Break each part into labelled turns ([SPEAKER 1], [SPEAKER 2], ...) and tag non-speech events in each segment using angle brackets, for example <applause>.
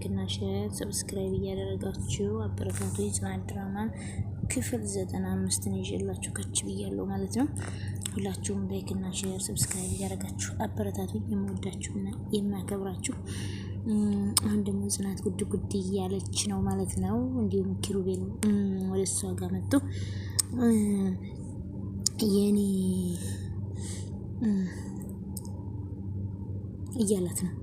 [SPEAKER 1] ላይክ እና ሼር ሰብስክራይብ እያደረጋችሁ አበረታቱ። የጽናት ድራማ ክፍል ዘጠና አምስትን ይዤላችሁ ከች ብያለሁ ማለት ነው። ሁላችሁም ላይክ እና ሼር ሰብስክራይብ እያደረጋችሁ አበረታቱ። የምወዳችሁና የማከብራችሁ አሁን ደግሞ ጽናት ጉድ ጉድ እያለች ነው ማለት ነው። እንዲሁም ኪሩቤል ወደ እሷ ጋር መጡ። የኔ እያላት ነው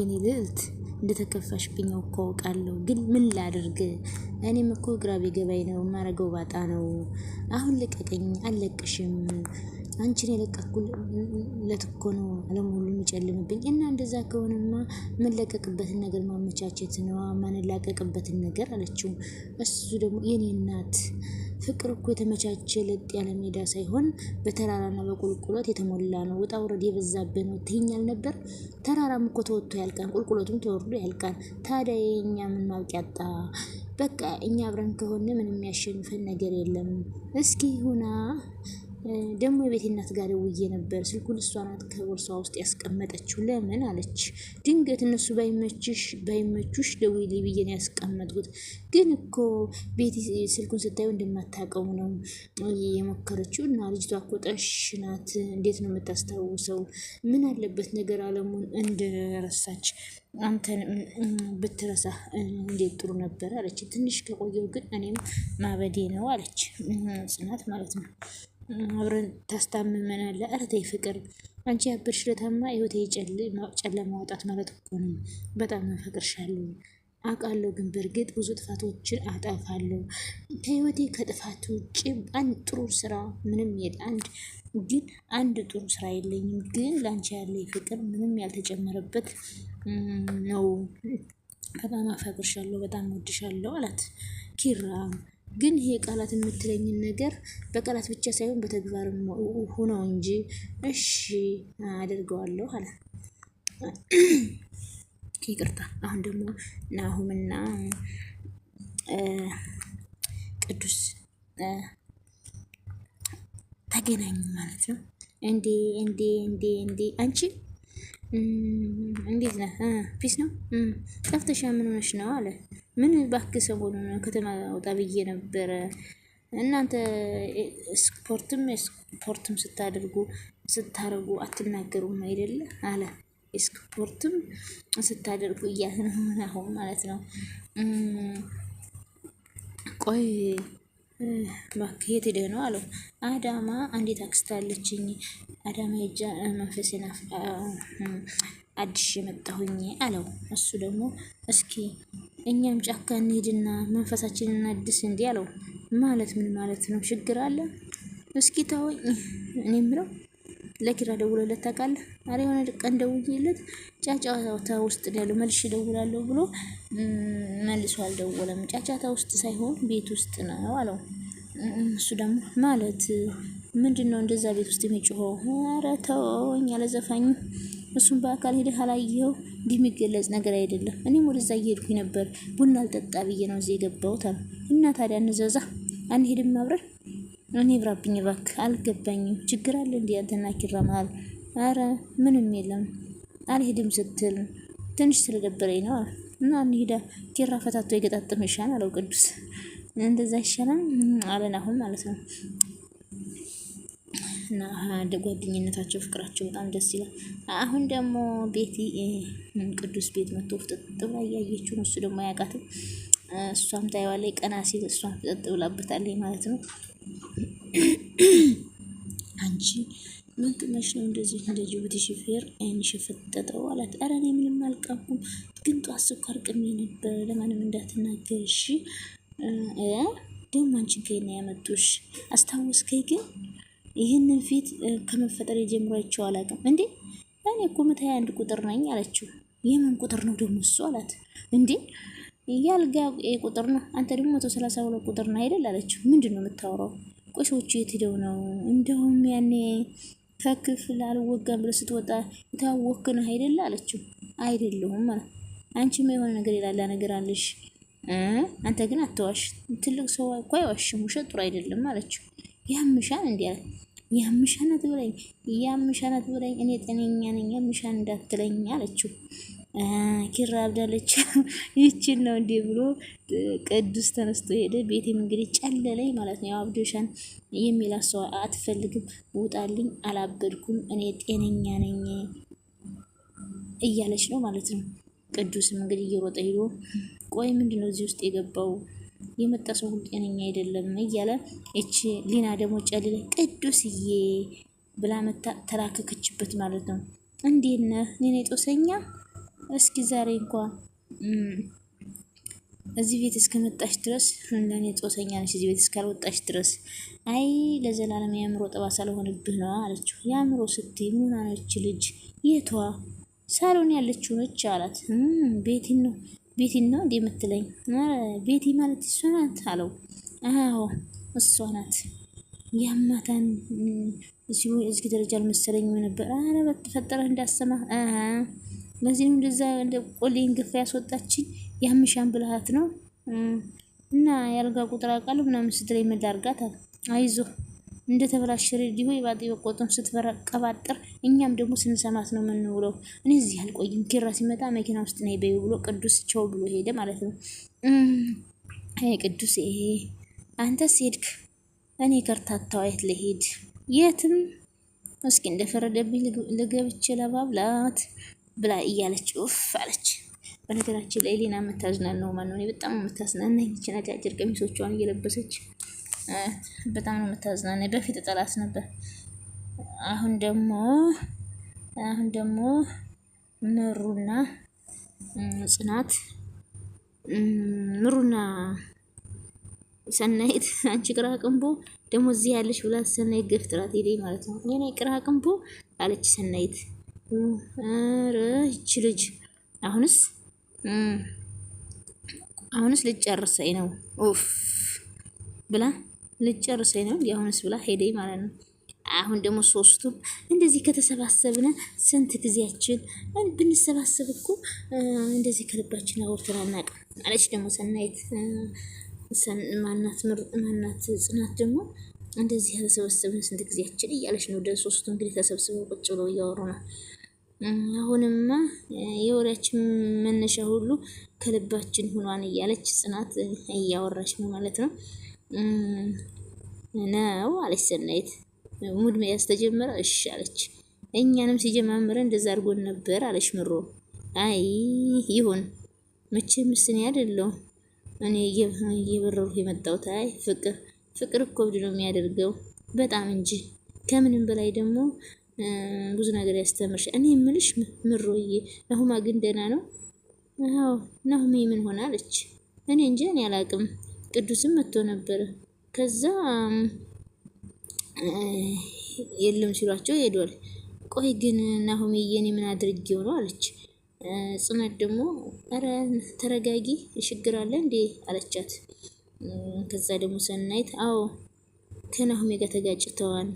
[SPEAKER 1] የኔ ልዕልት እንደተከፋሽብኝ እኮ አውቃለሁ፣ ግን ምን ላድርግ? እኔም እኮ ግራ ቢገባኝ ነው የማረገው። ባጣ ነው። አሁን ልቀቀኝ፣ አልለቅሽም። አንቺን የለቀኩለት እኮ ነው ዓለም ሁሉ የሚጨልምብኝ። እና እንደዛ ከሆነማ የምንለቀቅበትን ነገር ማመቻቸት ነው፣ ማንላቀቅበትን ነገር አለችው። እሱ ደግሞ የኔ እናት ፍቅር እኮ የተመቻቸ ለጥ ያለ ሜዳ ሳይሆን በተራራና በቁልቁሎት የተሞላ ነው። ውጣ ውረድ የበዛብህ ነው ትኛል ነበር። ተራራም እኮ ተወጥቶ ያልቃል፣ ቁልቁሎቱም ተወርዶ ያልቃል። ታዲያ የእኛ ምን ማብቂያ አጣ? በቃ እኛ አብረን ከሆነ ምንም ያሸንፈን ነገር የለም። እስኪ ሁና ደግሞ የቤት እናት ጋር ደውዬ ነበር። ስልኩን እሷ ናት ከቦርሷ ውስጥ ያስቀመጠችው። ለምን አለች። ድንገት እነሱ ባይመችሽ ባይመቹሽ ደውዪልኝ ብዬ ነው ያስቀመጥኩት። ግን እኮ ቤት ስልኩን ስታዩ እንደማታውቀው ነው የሞከረችው። እና ልጅቷ እኮ ጠሽ ናት። እንዴት ነው የምታስታውሰው? ምን አለበት ነገር አለሙን እንደረሳች አንተን ብትረሳ እንዴት ጥሩ ነበር አለች። ትንሽ ከቆየው ግን እኔም ማበዴ ነው አለች ጽናት ማለት ነው። አብረን ታስታምመናለ። ኧረ ተይ ፍቅር አንቺ ያብርሽ ለታማ ህይወቴ ጨለማ ማውጣት ማለት እኮ ነው። በጣም አፈቅርሻለሁ አውቃለሁ፣ ግን በእርግጥ ብዙ ጥፋቶችን አጠፋለሁ። ከህይወቴ ከጥፋት ውጭ አንድ ጥሩ ስራ ምንም የለ አንድ ግን አንድ ጥሩ ስራ የለኝም። ግን ለአንቺ ያለ ፍቅር ምንም ያልተጨመረበት ነው። በጣም አፈቅርሻለሁ፣ በጣም ወድሻለሁ አላት ኪራ ግን ይሄ ቃላት የምትለኝን ነገር በቃላት ብቻ ሳይሆን በተግባር ሆነው እንጂ እሺ አደርገዋለሁ አለ። ይቅርታ አሁን ደግሞ ናሁምና ቅዱስ ተገናኙ ማለት ነው። እንዴ እንዴ እንዴ እንዴ አንቺ እንዴት ነህ? ፒስ ነው ጠፍተሻ፣ ምን ሆነሽ ነው አለ። ምን እባክህ፣ ሰሞኑን ከተማ ወጣ ብዬ ነበረ። እናንተ ስፖርትም ስፖርትም ስታደርጉ ስታደርጉ አትናገሩም አይደለ? አለ ስፖርትም ስታደርጉ እያልን አሁን ማለት ነው። ቆይ ማካሄድ ሄደ ነው አለው። አዳማ አንዲት አክስት አለችኝ። አዳማ ሄጄ መንፈሴን አድሽ የመጣሁኝ አለው። እሱ ደግሞ እስኪ እኛም ጫካ እንሄድና መንፈሳችንን እናድስ እንዲህ አለው። ማለት ምን ማለት ነው? ችግር አለ? እስኪ ታወኝ እኔ የምለው ለኪራ ደውሎለት ታውቃለህ? ኧረ የሆነ ቀን ደውዬለት ጫጫታ ውስጥ ነው ያለው መልሽ እደውላለሁ ብሎ መልሶ አልደወለም። ጫጫታ ውስጥ ሳይሆን ቤት ውስጥ ነው አለው። እሱ ደግሞ ማለት ምንድን ነው እንደዛ ቤት ውስጥ የሚጮኸው? አረ ተወኝ አለ ዘፋኙ። እሱም በአካል ሄደህ አላየኸው? ነገር አይደለም። እኔም ወደዛ እየሄድኩኝ ነበር፣ ቡና አልጠጣ ብዬ ነው እዚህ የገባሁት አሉ። እና ታዲያ እንዘዛ አንሄድም አብረን እኔ ብራብኝ ባክ አልገባኝም። ችግር አለ እንዴ አንተና ኪራ መሀል? አረ ምንም የለም አልሄድም ስትል ትንሽ ስለደበረኝ ነው እና እንሂዳ። ኪራ ፈታቶ የገጣጥም ይሻል አለው ቅዱስ። እንደዛ ይሻላል አለን አሁን ማለት ነው። እና ጓደኝነታቸው ፍቅራቸው በጣም ደስ ይላል። አሁን ደግሞ ቤቲ ቅዱስ ቤት መጥቶ ፍጥጥ ብላ እያየችው ነው። እሱ ደግሞ አያውቃትም እሷም ታየዋለች። ቀና ሲል እሷም ጠጥ ብላበታለች ማለት ነው። አንቺ ምን ትመሽ ነው እንደዚህ እንደ ጅቡቲ ሹፌር ዓይንሽ የፈጠጠው አላት። ኧረ እኔ ምንም አልቀቡም፣ ግን ጧት ስኳር ቅሜ ነበር። ለማንም እንዳትናገር እሺ። ደግሞ አንቺን ከየት ነው ያመጡሽ? አስታወስከኝ? ግን ይህንን ፊት ከመፈጠር የጀምሮ አይቼው አላውቅም። እንዴ እኔ እኮ መቶ አንድ ቁጥር ነኝ አለችው። የምን ቁጥር ነው ደግሞ እሱ አላት። እንዴ ያልጋ ቁጥር ነው። አንተ ደግሞ መቶ ሰላሳ ሁለት ቁጥር ነው አይደል አለችው። ምንድን ነው የምታወራው? ቆይ ሰዎቹ የት ሄደው ነው? እንደውም ያኔ ከክፍል አልወጋም ብለህ ስትወጣ የታወክ ነህ አይደል አለችው። አይደለሁም ማለት አንቺማ የሆነ ነገር የላላ ነገር አለሽ። አንተ ግን አትዋሽ፣ ትልቅ ሰው እኮ አይዋሽም፣ ውሸት ጥሩ አይደለም አለችው። ያምሻን እንዲህ አለ ያምሻን አትበለኝ፣ ያምሻን አትበለኝ፣ እኔ ጤነኛ ነኝ፣ ያምሻን እንዳትለኝ አለችው። ኪራ አብዳለች <laughs> ይችን ነው እንዴ ብሎ ቅዱስ ተነስቶ ሄደ። ቤቴም እንግዲህ ጨለለኝ ማለት ነው። አብዶሻን የሚላት ሰው አትፈልግም። ውጣልኝ፣ አላበድኩም፣ እኔ ጤነኛ ነኝ እያለች ነው ማለት ነው። ቅዱስም እንግዲህ እየሮጠ ሄዶ ቆይ ምንድነው እዚህ ውስጥ የገባው የመጣ ሰው ሁሉ ጤነኛ አይደለም እያለ እች ሊና ደግሞ ጨልለ ቅዱስዬ ብላ መታ ተላከከችበት ማለት ነው። እንዴት ነህ ኔኔ ጦሰኛ እስኪ ዛሬ እንኳ እዚህ ቤት እስከመጣሽ ድረስ ለእኔ ጾሰኛ ነሽ። እዚህ ቤት እስካልወጣሽ ድረስ አይ ለዘላለም የአእምሮ ጠባሳ ለሆንብህ ነው አለችው። የአእምሮ ስትይ ምን ነች ልጅ? የቷ ሳሎን ያለችው ነች አላት። ቤቲ ነው ቤቲ ነው እንዴ የምትለኝ? ቤቲ ማለት እሷ ናት አለው። አዎ እሷ ናት። ያማታን እዚህ ደረጃ አልመሰለኝም ነበር። ኧረ በተፈጠረ እንዳሰማ ለዚህ ነው እንደዛ ቆሌን ግፋ ያስወጣችኝ ያምሻን ብልሃት ነው እና ያልጋ ቁጥር አውቃለሁ ምናምን ስትለኝ ምን ላድርጋት አለ። አይዞህ እንደ ተበላሸ ሬዲዮ የባጤ ቆጡን ስትቀባጥር እኛም ደግሞ ስንሰማት ነው የምንውለው። እኔ እዚህ አልቆይም፣ ኪራ ሲመጣ መኪና ውስጥ ነይ በይው ብሎ ቅዱስ ቸው ብሎ ሄደ ማለት ነው። አይ ቅዱስ፣ ይሄ አንተስ ሄድክ፣ እኔ ከርታታው የት ልሄድ? የትም እስኪ እንደፈረደብኝ ልገብቼ ለባብላት ብላ እያለች ኡፍ አለች። በነገራችን ላይ ሌና የምታዝናን ነው ማን ነው? በጣም የምታዝናናኝ ይችን አጫጭር ቀሚሶቿን እየለበሰች በጣም ነው የምታዝናናኝ። በፊት ጠላት ነበር፣ አሁን ደግሞ አሁን ደግሞ ምሩና ጽናት ምሩና ሰናይት አንቺ ቅራ ቅንቦ ደግሞ እዚህ ያለች ብላት ሰናይት ገፍትራት ሄደኝ ማለት ነው። የኔ ቅራ ቅንቦ አለች ሰናይት ኧረ ልጅ አሁንስ አሁንስ ልጨርሰኝ ነው ብላ ልጨርሰኝ ነው አሁንስ ብላ ሄደኝ ማለት ነው። አሁን ደግሞ ሶስቱም እንደዚህ ከተሰባሰብን ስንት ጊዜያችን ብንሰባሰብ እኮ እንደዚህ ከልባችን አውርተን አናውቅም አለች። ደግሞ ሰናይት ማናት ማናት ጽናት ደግሞ እንደዚህ ከተሰበሰብን ስንት ጊዜያችን እያለች ነው። ወደ ሶስቱ እንግዲህ ተሰብስበው ቁጭ ብለው እያወሩ ነው። አሁንማ የወሬያችን መነሻ ሁሉ ከልባችን ሁኗን እያለች ጽናት እያወራች ነው ማለት ነው ነው አለች ሰናይት። ሙድ መያዝ ተጀመረ። እሺ አለች። እኛንም ሲጀማምረ እንደዛ አድርጎን ነበር አለች ምሮ። አይ ይሁን መቼም ምስኔ አይደለሁም እኔ እየበረሩ የመጣሁት። አይ ፍቅር ፍቅር እኮ እብድ ነው የሚያደርገው በጣም እንጂ ከምንም በላይ ደግሞ ብዙ ነገር ያስተምርሽ። እኔ የምልሽ ምሮዬ፣ ናሁማ ግን ደህና ነው? አዎ ናሁሜ ምን ሆናለች አለች። እኔ እንጂ እኔ አላቅም። ቅዱስም መጥቶ ነበረ። ከዛ የለም ሲሏቸው ሄዷል። ቆይ ግን ናሁሜዬ የኔ ምን አድርጌው ነው አለች። ጽናት ደግሞ ኧረ ተረጋጊ፣ ችግር አለ እንዴ አለቻት። ከዛ ደግሞ ሰናይት አዎ ከናሁሜ ጋር ተጋጭተዋል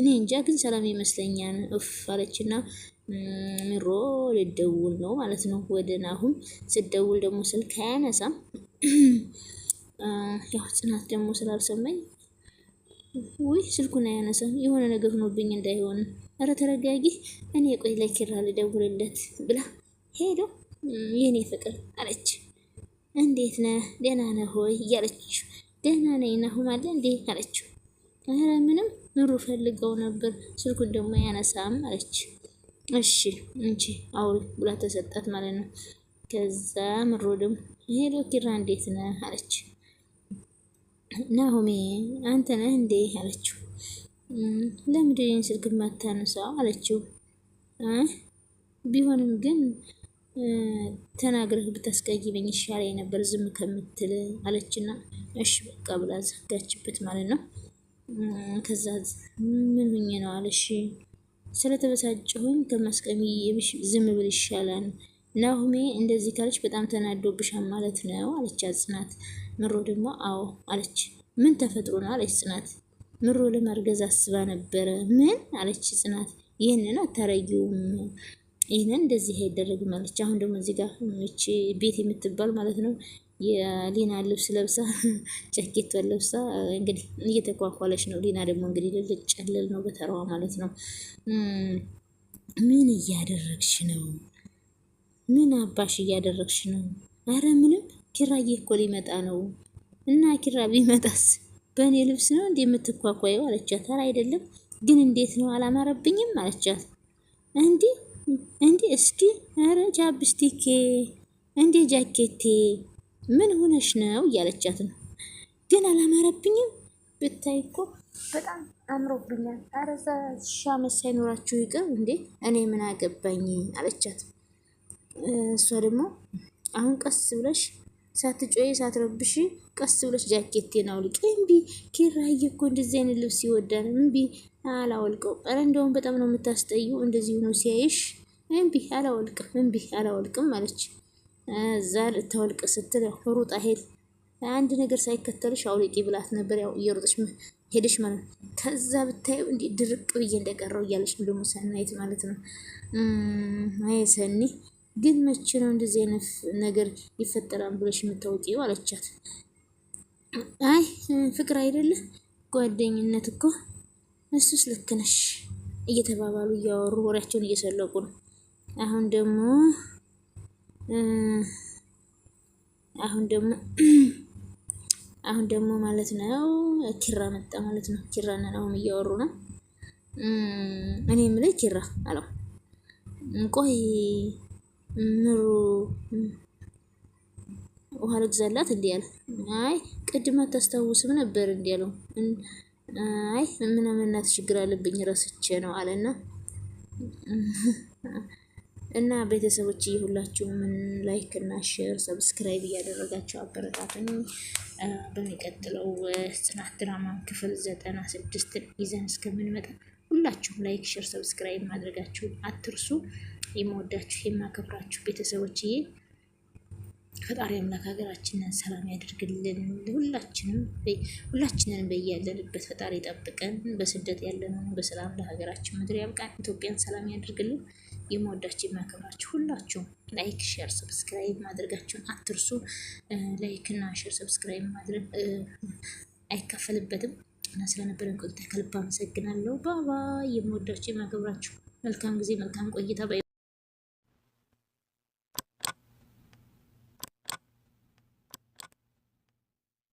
[SPEAKER 1] እኔ እንጃ ግን ሰላም ይመስለኛል እፍ አለችና ምሮ ልደውል ነው ማለት ነው ወደ ናሁም ስደውል ደግሞ ስልክ አያነሳም ያው ጽናት ደግሞ ስላልሰማኝ ውይ ስልኩን አያነሳም የሆነ ነገር ሆኖብኝ እንዳይሆን ኧረ ተረጋጊ እኔ ቆይ ለኪራ ልደውልለት ብላ ሄዶ የኔ ፍቅር አለች እንዴት ነህ ደህና ነህ ሆይ እያለች ደህና ነኝ ናሁም አለ እንዴ አለችው እረ ምንም ኑሮ ፈልገው ነበር፣ ስልኩን ደግሞ ያነሳም አለች። እሺ እንቺ አውሪ ብላ ተሰጣት ማለት ነው። ከዛ ምሮ ደግሞ ሄሎ ኪራ እንዴት ነ አለች። ናሆሜ አንተ ነህ እንዴ አለችው። ለምድን ስልክ ማታነሳው አለችው። ቢሆንም ግን ተናግረህ ብታስቀይመኝ ይሻለኝ ነበር ዝም ከምትል አለችና እሺ በቃ ብላ ዘጋችበት ማለት ነው። ከዛ ምን ሁኜ ነው አለሽ ስለተበሳጭሁኝ ከማስቀሚ ዝም ብል ይሻላል። ናሁሜ እንደዚህ ካለች በጣም ተናዶብሻል ማለት ነው አለች ጽናት። ምሮ ደግሞ አዎ አለች። ምን ተፈጥሮ ነው አለች ጽናት። ምሮ ለማርገዝ አስባ ነበረ። ምን አለች ጽናት። ይህንን አታረጊውም፣ ይህንን እንደዚህ አይደረግም አለች። አሁን ደግሞ እዚህ ጋር ቤት የምትባል ማለት ነው የሊና ልብስ ለብሳ <laughs> ጃኬቷን ለብሳ እንግዲህ እየተኳኳለች ነው። ሊና ደግሞ እንግዲህ ጨለል ነው በተራዋ ማለት ነው። ምን እያደረግሽ ነው? ምን አባሽ እያደረግሽ ነው? አረ ምንም ኪራዬ እኮ ሊመጣ ነው እና ኪራ ቢመጣስ በእኔ ልብስ ነው እንዴ የምትኳኳየው? አለቻት። አረ አይደለም ግን እንዴት ነው አላማረብኝም? አለቻት። እንዲ እንዲ እስኪ አረ ጃብስቲኬ እንዴ ጃኬቴ ምን ሆነሽ ነው እያለቻት ነው። ግን አላማረብኝም ብታይ እኮ በጣም አምሮብኛል። ኧረ እዛ ሻመት ሳይኖራችሁ ይቅር እንዴ እኔ ምን አገባኝ አለቻት። እሷ ደግሞ አሁን ቀስ ብለሽ ሳትጮይ ሳትረብሽ ቀስ ብለሽ ጃኬቴን አውልቂ። እምቢ ኪራዬ እኮ እንደዚህ አይነት ልብስ ይወዳል። እምቢ አላወልቀው። ኧረ እንደውም በጣም ነው የምታስጠዩ እንደዚህ ሆኖ ሲያይሽ። እምቢ አላወልቅም፣ እምቢ አላወልቅም አለች። እዛ ልታወልቅ ስትል ሩጣ ሄድ አንድ ነገር ሳይከተልሽ አውልቂ ብላት ነበር። ያው እየሮጠች ሄደች ማለት ነው። ከዛ ብታየው እንዲህ ድርቅ ብዬ እንደቀረው እያለች ነው ደግሞ ሰናይት ማለት ነው። አይ ሰኒ ግን መቼ ነው እንደዚህ አይነት ነገር ይፈጠራል ብለሽ የምታውቂው አለቻት። አይ ፍቅር አይደለ ጓደኝነት እኮ እሱስ ልክ ነሽ እየተባባሉ እያወሩ ወሬያቸውን እየሰለቁ ነው አሁን ደግሞ አሁን ደግሞ <clears throat> አሁን ደግሞ ማለት ነው ኪራ መጣ ማለት ነው። ኪራና ናሆም እያወሩ ነው። እኔ የምልህ ኪራ አለው፣ ቆይ ምሩ ውሃ ልግዛላት እንዲህ አለ። አይ ቅድም አታስታውስም ነበር እንዲህ አለው። አይ ምን እናት ችግር አለብኝ ረስቼ ነው አለና እና ቤተሰቦች ሁላችሁም ላይክ እና ሼር ሰብስክራይብ እያደረጋችሁ አበረታቱኝ። በሚቀጥለው ጽናት ድራማ ክፍል ዘጠና ስድስትን ይዘን እስከምንመጣ ሁላችሁም ላይክ፣ ሼር፣ ሰብስክራይብ ማድረጋችሁ አትርሱ። የምወዳችሁ የማከብራችሁ ቤተሰቦችዬ ፈጣሪ አምላክ ሀገራችንን ሰላም ያደርግልን። ሁላችንም ሁላችንን በያለንበት ፈጣሪ ጠብቀን፣ በስደት ያለንን በሰላም ለሀገራችን ምድር ያብቃን። ኢትዮጵያን ሰላም ያደርግልን። የመወዳችን የሚያከብራችሁ ሁላችሁም ላይክ፣ ሼር፣ ሰብስክራይብ ማድረጋችሁን አትርሱ። ላይክ እና ሼር ሰብስክራይብ ማድረግ አይከፈልበትም እና ስለነበረን ቆይታ ከልብ አመሰግናለሁ። ባባ የመወዳችሁ የሚያከብራችሁ መልካም ጊዜ መልካም ቆይታ